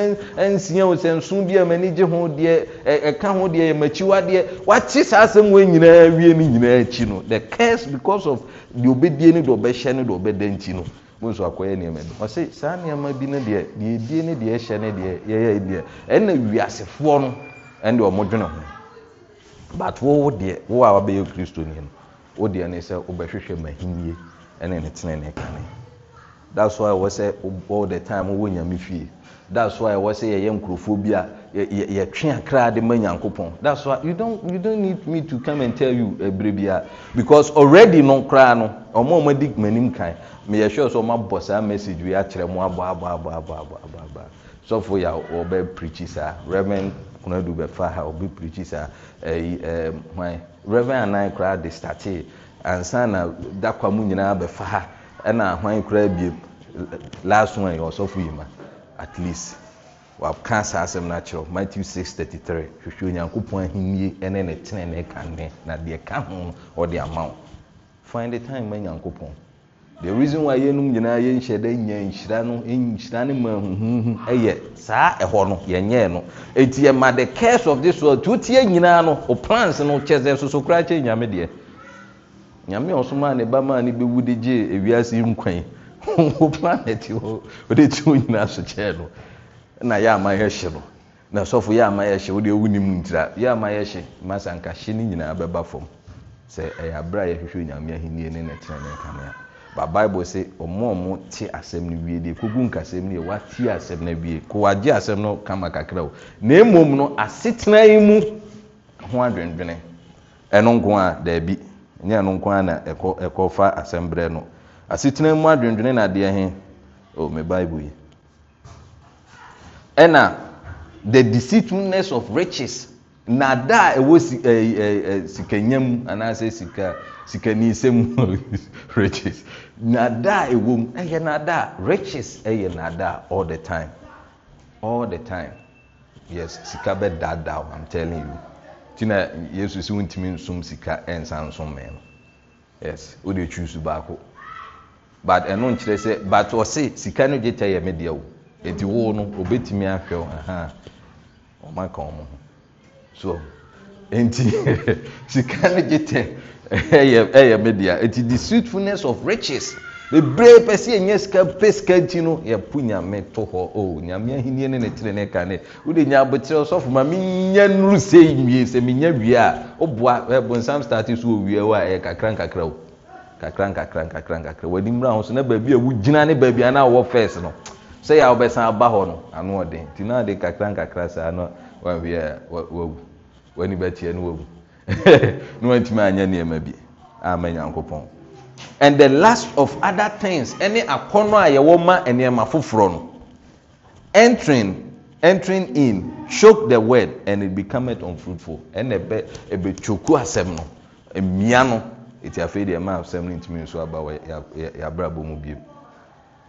nsia o sɛ nso bi a m'ani gye ho deɛ ɛka ho deɛ yɛ m'akyiwadeɛ wate saa asɛm wɔ nyinaa awie no nyinaa akyi no the curse because of deɛ ɔbɛdie no deɛ ɔbɛhyɛ no deɛ ɔbɛda nti no bóso akɔyɛ nneɛma bi ɔsi saa nneɛma bi ne deɛ deɛ edie ne deɛ ɛhyɛ ne deɛ yɛyɛ deɛ ɛnna wiasefoɔ no ɛnna wɔn dwene ho but wo deɛ wo a wabɛyɛ kristo ni no wo deɛ ne sɛ wobɛhwehwɛ mahinie ɛne ne tene ne kane that's why wɔ sɛ all the time wo nyame fie that's why wɔ sɛ yɛyɛ nkurɔfoɔ bi a yɛtwe akra de ma nyankopɔn that's why you don't you don't need me to come and tell you ebere eh, bia because already no koraa no ɔmo ɔmo di m'anim kan meyɛ sure sɛ ɔmo abɔ saa message bi akyerɛ mo abɔ abɔ abɔ abɔ abɔ abɔ abɔ sɔfo yɛ ɔbɛ preachi saa reverend kunadu bɛfa ha ɔbɛ preachi saa ɛyi eh, ɛɛ eh, hwan reverend anan koraa de starte ansa na dakwa mu nyinaa bɛfa ha ɛna hwan koraa bie last one yɛ ɔsɔfo yi ma at least waka saa asɛm no akyerɛw matthew 6:33 hwehwɛ onyankopɔn ahennie ne ne tene ne ɛka ne na deɛ ka ho no ɔde ama find the time ma nyankopɔn the reason why yɛnum nyinaa yɛnhyɛ dɛ nya nhyira no nhyira no ma huhuhu ɛyɛ saa ɛhɔ no yɛnyɛɛ no eti ɛma the curse of this world tuo tie nyinaa no o plans no kyɛ sɛ soso koraa kyɛ nyame deɛ nyame a ɔsoma ne ba maa ne bɛwu de gye ewiase nkwan o planet o de ti nyinaa so kyɛɛ no na yɛ ama no na sɔfo yɛ ama yɛhye wode wonim no ntira yɛ ama yɛhye masanka hye no nyinaa bɛba fam sɛ ɛyɛ aberɛ a yɛhwehwɛ onyame ahennie ne ne tena ne nkanea ba bible sɛ ɔmo ɔmo te asɛm no wie deɛ kogu nkasɛm no yɛ wate asɛm no wie ko wagye asɛm no kama kakra o na mmom no asetena yi mu ho adwendwene ɛno nko a daabi nyɛ ɛno nko a na ɛkɔ ɛkɔ fa asɛm brɛ no asetena mu adwendwene na adeɛ he o oh, me baibu yi ɛna the deceitfulness of riches na da a ɛwɔ sikanyam anaasɛ sika sikanisɛm riches nada da a ɛwɔ mu ɛyɛ na riches ɛyɛ na da all the time all the time yes sika bɛ da o i'm telling you tina na yesu si wuntumi nsum sika ɛnsa nsum mɛm yes o de twi su baako but ɛno nkyerɛ sɛ but ɔse sika no gye tɛ yɛ me deɛ o ɛti wo no ɔbɛtumi ahwɛ ɔma ka ɔmo ho so nti sika no gye tɛ ɛyɛ me dea ɛti the sweetness of riches bebree pɛ sɛ yɛnyɛ sika pɛ sika nti no yɛpo nyame to hɔ o nyame ahenni ne ne tiri ne ka ne wode nya abokyerɛ sɔfo ma menyɛ nuru sɛ nwie sɛ menya wie a woboa bonsam starte so wɔ wie hɔ a ɛyɛ kakra nkakra o kakra nkakra nkakra nkakra w'ani mmra ho so na baabi a wogyina ne baabi a na awɔ fɛs no sɛ yɛ a wobɛsan aba hɔ no ano ɔden nti na ade kakra nkakra saa no wawie wawu wani bɛteɛ no wawu na wantumi anyɛ nneɛma bi ama nyankopɔn and the last of other things ɛne akɔnɔ a yɛwɔ ma nneɛma foforɔ no entering entering in choke the word and it becomes unfruitful ɛna ɛbɛ ɛbɛtwoku asɛm no mmea no eti afei deɛ ɛma asɛm no ntumi nso aba wɔ yɛ yɛ mu biem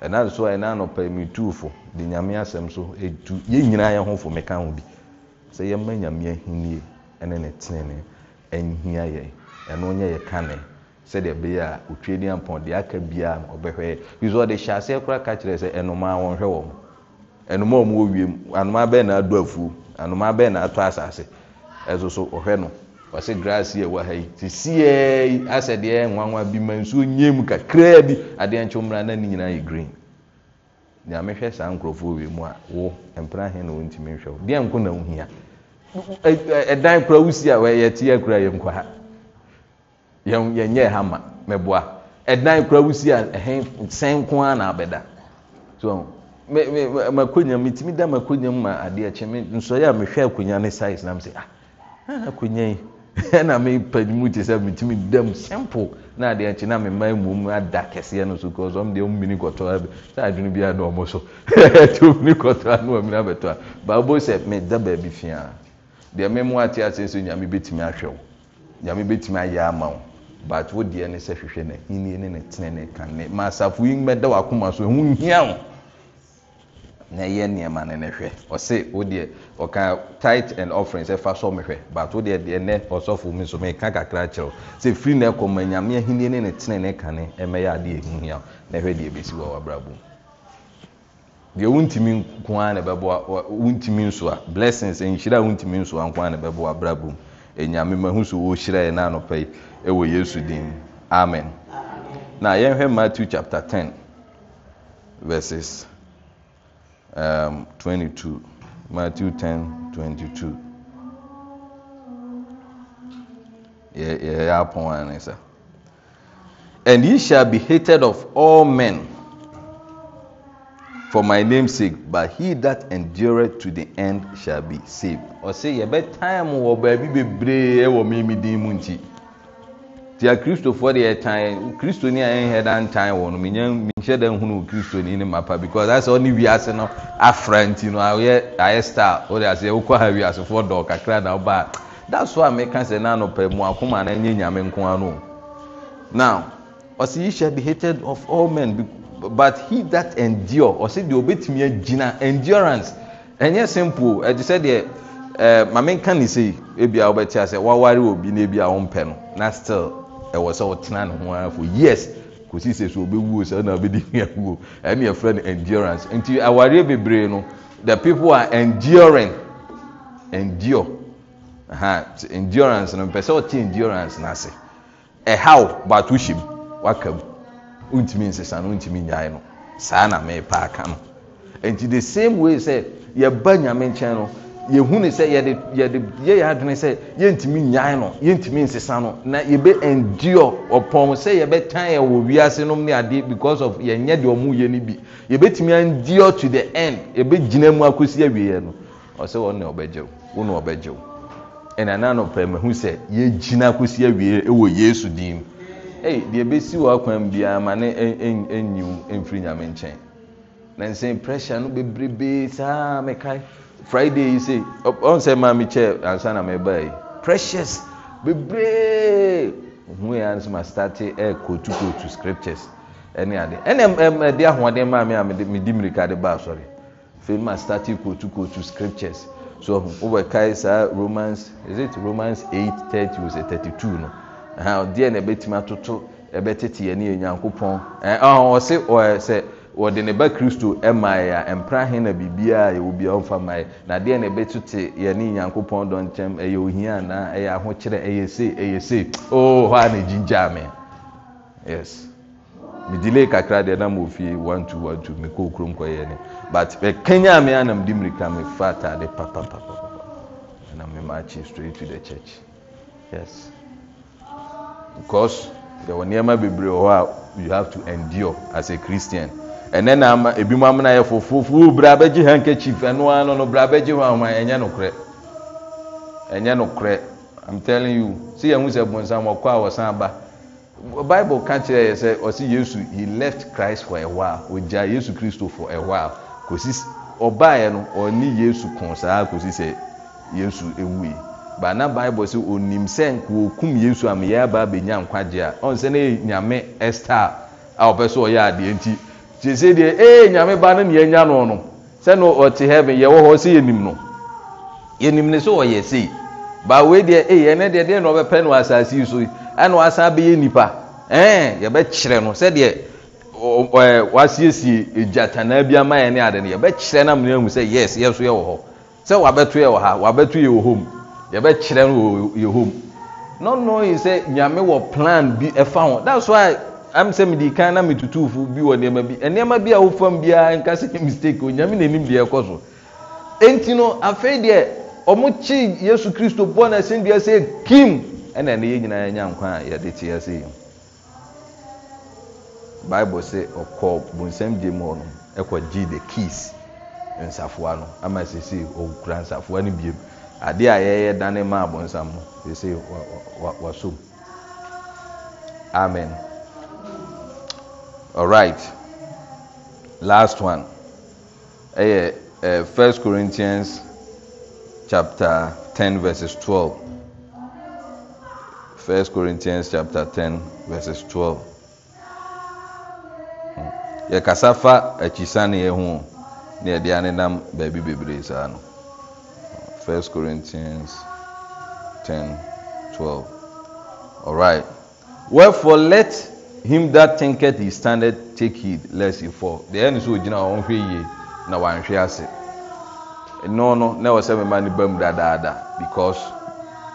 ɛna nso a ɛna anɔpa mi tuufo de nyame asɛm so etu yɛn nyinaa yɛn ho fo meka ho bi sɛ yɛn mma nyame ahinie ɛne ne tenene ɛnhia yɛn ɛno nyɛ yɛ kane sɛdeɛ ɛbɛyɛ a otwe ne ampɔn deɛ aka biara ɔbɛhwɛ yɛ ɔde hyɛ aseɛ kora ka kyerɛ sɛ ɛnoma wɔn hwɛ wɔn ɛnoma wɔn wɔ wiem anoma bɛyɛ na ado afuo anoma bɛyɛ na ato asase ɛso so ɔhwɛ no wɔse grass yɛ wɔ e, e, e ah, ha yi te sie yi asɛ deɛ nwanwa bi ma nsuo nyem kakraa bi adeɛ nkyew mmra na ne nyinaa yɛ green nyame hwɛ saa nkurɔfoɔ wei mu a wo mpena he na wɔntumi nhwɛ wo deɛ nko na wohia ɛdan kora wosi a yɛteɛ kora yɛm kɔ ha yɛnyɛ ha ma mɛboa ɛdan kora wosi a ɛhe sɛn ko a na abɛda so makonya metumi da makonya mu ma adeɛ kyɛ me nsɔe a mehwɛ akonya ne size nam sɛ ah akonya yi ɛna mepɛ mu te sɛ metumi dam simple na adeɛ nkyi na mema mmom ada kɛseɛ no so kɔ so ɔm deɛ ɔmmini kɔtɔ abɛ sɛ adwene bi ada ɔmo so ɛti ɔmmini kɔtɔ ano ɔmmini abɛtɔ a baabo sɛ meda baabi fiaa deɛ memo ate ase nso nyame bɛtumi ahwɛ wo nyame bɛtumi ayɛ ama wo but wo deɛ ne sɛ hwehwɛ ne hinie ne ne tene ne kane ma asafo yi mmɛda wɔ akoma so ɛho nhia wo na ɛyɛ nneɛma no na hwɛ ɔse wodeɛ ɔka tit and offering sɛ fa sɔ mehwɛ but ɔsɔfo mi so meka kakra kyerɛw sɛ firi no ɛkɔma nyame ahenni ne ne tene ne kane adeɛ na ɛhwɛ deɛ bɛsi wɔ wabrabɔ deɛ wontumi nko na ɛbɛboa wontumi nso a blessings nhyira a nso na ɛbɛboa wabrabɔ mu um, 22. Matthew 10 22. Yeah, yeah, and ye shall be hated of all men for my name's sake, but he that endureth to the end shall be saved. Ɔsɛ yɛbɛ time wɔ baabi nti akristofoɔ deɛ ɛtan kristoni a ɛnhyɛ da ntan wɔ no menya menhyɛ da nhunu kristoni ne mapa because asɛ ɔne wiase no afra nti no ayɛ ayɛ star wode ase wokɔ ha wiasefoɔ dɔɔ kakra na woba that's why meka sɛ na anɔpɛ mu akoma na ɛnyɛ nyame nko ano now ɔsɛ yi hyɛ the hated of all men but he that endure ɔsɛ deɛ obetumi agyina endurance ɛnyɛ simple ɛte sɛ deɛ ɛɛ eh, maame nka ne sɛ ebi a wɔbɛte asɛ wawari obi na ebi a wɔmpɛ no na still ɛwɔ sɛ ɔtena ne ho ara for years kòsi sɛ so obɛwuo sɛ ɔna ɔbɛdi ɛwuo ɛne yɛfrɛ no endurance nti awareɛ bebree no the people are enduring endure ha, endurance no mpɛ sɛ ɔte endurance n'ase ɛhaw baatu hyɛ mu waka mu ntumi nsesa no ntumi nyae no saa na mɛɛpa aka no nti the same way sɛ yɛba nyame nkyɛn no yɛhu ne sɛ yɛyɛ yɛ adwene sɛ yɛntumi nyae no yɛntumi nsesa no na yɛbɛ nduɔ ɔpɔn sɛ yɛbɛtan ɛwɔ wiase nom ne adeɛ because of yɛnyɛ deɛ ɔmo yɛ no bi yɛbɛtumi anduɔ to the end yɛbɛgyina mu akɔsi awieɛ no ɔsɛ wɔn na ɔbɛgyew wɔn na ɔbɛgyew ɛna nanu pɛɛ mɛhu sɛ yɛgyina akɔsi awieɛ ɛwɔ yesu dim ɛyi deɛ bɛsi wɔ akwan biara ma ne ɛnyiw ɛnfiri nyame nkyɛn na nsɛn pressure no bebrebee saa mɛkae friday yi se ɔn sɛ maame kyɛ ansa na mɛ ba yi precious bebree ohun yɛ ansa ma start ɛ eh, kotu kotu scriptures ɛne ade ɛna ɛm ɛde ahoɔden maame a mi di mirika de ba asɔre fɛn ma start kotu eh, kotu scriptures so wobɛ kae saa romans is it romans eight thirty o sɛ thirty two no ɛhan deɛ na ɛbɛtumi atoto ɛbɛtete yɛ ne yɛ nyankopɔn ɛn ɔn ɔsi ɔɛ sɛ. wɔde no ba cristo maɛa mprɛhena biribiaa yɛɔ biafamaɛ nadeɛ nebɛto te yɛne nyankopɔn dɔkyɛm yɛ ia anaa yɛ ahokyerɛ iɛihɔ a ne gyigyaa me medilei kakrade namaɔfie 122 mekɔkɔɛn bɛkayaame namde mirika me fatale pa s cnma bebree hɔ ou haeto endue asa chistian ɛnɛ na ama ebi mu amena yɛ fofofuo bra abɛgye handkerchief ɛno ano no bra abɛgye hɔ ahoma ɛnyɛ no korɛ ɛnyɛ no korɛ i'm telling you si yɛn ho sɛ bonsam ɔkɔ a wɔsan ba bible ka kyerɛ yɛ sɛ ɔsi yesu he left christ for a while ogya yesu kristo for a while kòsi ɔbaayɛ no ɔni yesu kɔn saa kòsi sɛ yesu ewu yi bana bible sɛ onim sɛ nkokum yesu ameyɛ aba abɛnya nkwagye a ɔn sɛ ne nyame ɛsta a ɔpɛ so ɔyɛ adeɛ nti tie sɛ deɛ ee eh, nyame ba no ne yɛanya no no sɛne ɔte heaven yɛwɔ hɔ sɛ yɛnim no yɛnim ne sɛ ɔyɛ sei bawei deɛ ee eh, ɛne deɛ deɛ na ɔbɛpɛ no asase yi so ɛna wasan bɛyɛ nnipa ɛn yɛbɛkyerɛ no sɛdeɛ ɛɛ wasiesie egyatanaa bi ama yɛn ne ade no yɛbɛkyerɛ na mene ahu sɛ yes yɛ so yɛwɔ hɔ sɛ wabɛto yɛ wɔ ha wabɛto yɛ wɔ hom yɛbɛkyerɛ no wɔ yɛ hom not knowing sɛ nyame wɔ plan bi ɛfa ho that's why am sɛ mede kan na metutuufo bi wɔ nnoɔma bi nnoɔma bi a wofam biara nka sɛ mistake onyame nanim deɛ ɛkɔ so ɛnti no afei deɛ ɔmokye yesu kristo bɔ no asɛmdua sɛ kim ɛna ɛne yɛ nyinaa nya nkwa a yɛde teɛ sɛ yɛm bible sɛ ɔkɔ bonsam gye mu hɔ no ɛkɔ gye the keys nsafoa no ama sɛsei ɔkura oh, nsafoa no biem adeɛ a yɛyɛ dane maa bonsam no sɛsei wasɔm amen alright last o ɛyɛ 1 corinthians chapter 10 v12 1 corinthians ap10 v12 yɛkasa fa akyisaneyɛ hu ne yɛdea ne nam baabi bebree saa no 1 corintians1012 rih wrfol him that thinketh he standeth take heed lest he fall deɛ ɛne so; ogyina hɔ ɔnhwɛ yie na wanhwɛ ase ɛno no na ɛwɔ sɛ mema ne ba mu dadaada because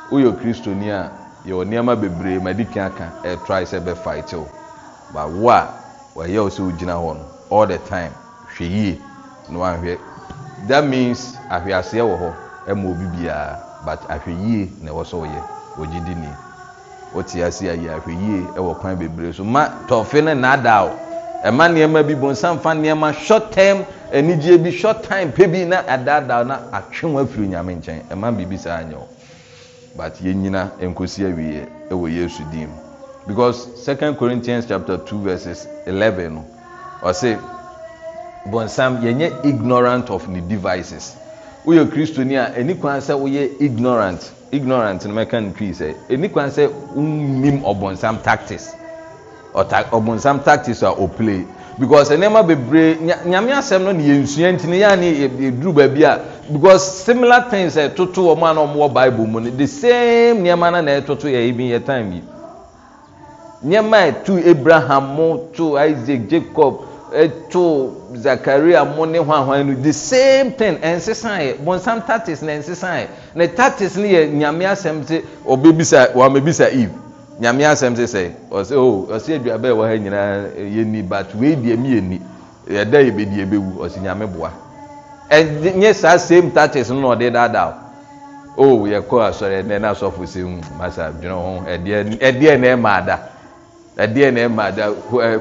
woyɛ kristoni a yɛwɔ nneɛma bebree ma di kan ka ɛtrai sɛ bɛfa ɛkyɛw but wo a wɔyɛ wo sɛ ogyina hɔ no all the time hwɛ yie na wanhwɛ that means ahwɛ aseɛ wɔ hɔ ɛma obi biara but ahwɛ yie na ɛwɔ sɛ ɔyɛ ɔgye di nie wote ase ayɛ ahwɛ yie wɔ kwan bebree so ma tɔfe no naadaa o ɛma nneɛma bi bonsam fa nneɛma short term anigyeɛ bi short time pɛ bi na adaadaw na atwe wɔn afiri nyame nkyɛn ɛma biribi saa nyɛ o but yɛnyina nkosi awieɛ wɔ yesu dim because second corinthians chapter two verses eleven no ɔse bonsam yɛnyɛ ignorant of ne devices woyɛ kristoni a ɛni kwan sɛ woyɛ ignorant ignorant no mɛka no twii sɛ ɛni kwan sɛ wonnim ɔbonsam tactics ɔbonsam tactics a ɔplay because nneɛma bebree nyame asɛm no ne yɛnsua nti ne yɛa ne yɛduru baabi a because similar things a eh, ɛtoto wɔ mu a na bible mu no the same nneɛma no na ɛtoto yɛ bi yɛ time yi nneɛma a ɛto abraham mo to isaac jacob To zakaria mo ne hwanhwan no the same thing ɛnsesan yɛ bonsam tatis na ɛnsesan yɛ na tatis no yɛ nyame asɛm se ɔbɛbisa wɔamɛbisa eve nyame asɛm se sɛ ɔsɛ o oh, ɔsɛ aduaba ɛwɔ ha nyinaa yɛni but wei deɛ mi yɛni yɛda yɛbɛdi yɛbɛwu ɔsɛ nyame boa ɛnyɛ saa same tatis no na ɔde daadaa o oh, yɛkɔ asɔre ɛnɛ na asɔfo se mu hmm, masa dwene ho ɛdeɛ ɛdeɛ na ɛma ada ɛdeɛ na ɛma da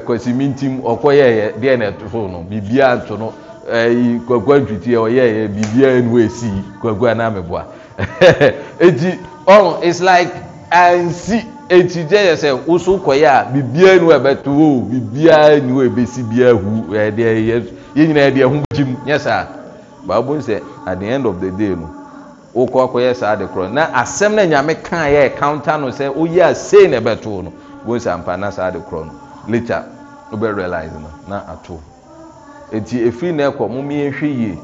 kwasimi ntim ɔkɔyɛɛyɛ deɛ na ɛto no biribiara nto no ɛyi kwakwa ntutu yɛ ɔyɛɛyɛ biribiara nu esi kwakwa n'ameboa eti ɔn it's like ansi eti gye yɛ sɛ woso kɔyɛ a biribiara nu ɛbɛto o biribiara nu ebesi biara hu ɛdeɛ yɛ yɛ nyinaa yɛde ɛho gyim nyɛ saa baabu sɛ at the end of the day no wokɔ akɔyɛ saa de korɔ na asɛm na nyame kaa yɛ counter no sɛ oyɛ a sei na ɛbɛto no wosi ampa na saa de korɔ no later wobɛ realize no na ato eti efiri na ɛkɔ mo mmea hwɛ yie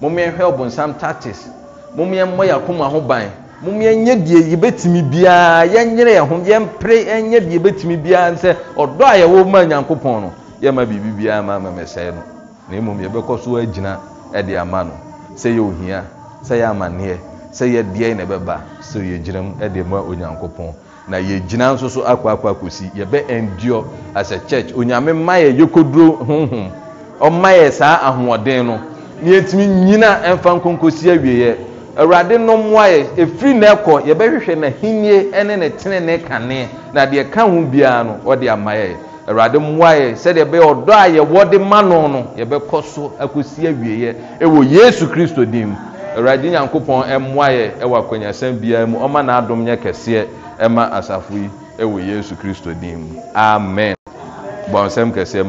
mo mmea hwɛ ɔbɔnsam tactics mo mmea mmɔ yɛ akoma ho ban mo mmea nye deɛ yɛbɛtumi biara yɛnyere yɛn ho yɛmpere yɛnyɛ deɛ yɛbɛtumi biara nsɛ ɔdɔ a yɛwɔ mu a nyankopɔn no yɛma biribi biara ma ama mɛsɛɛ no na mmom yɛbɛkɔ so agyina ɛde ama no sɛ yɛ ohia sɛ yɛ amaneɛ sɛ yɛ deɛ na ɛbɛba sɛ yɛgyina mu ɛde ma onyankopɔn na yɛgyina nso so akɔ akɔ akɔsi yɛbɛ nduɔ as a church onyame mma yɛ yɛkɔduro honhom ɔmma yɛ saa ahoɔden no ne yɛtumi nyina ɛmfa nkonkosi awieeɛ awurade no mmoa yɛ ɛfiri ne ɛkɔ yɛbɛhwehwɛ n'ahennie ɛne ne tene ne kanea na deɛ ka ho biara no ɔde ama yɛ awurade mmoa yɛ sɛdeɛ ɛbɛyɛ ɔdɔ a yɛwɔde ma no no yɛbɛkɔ so akɔsi awieeɛ ɛwɔ yesu kristo din awurade nyankopɔn ɛmmoa yɛ ɛwɔ akɔnyasɛm biara mu ɔma n'adom nyɛ kɛseɛ ɛma asafo yi ɛwɔ yesu kristo din mu amen bɔnsɛm kɛseɛ ma.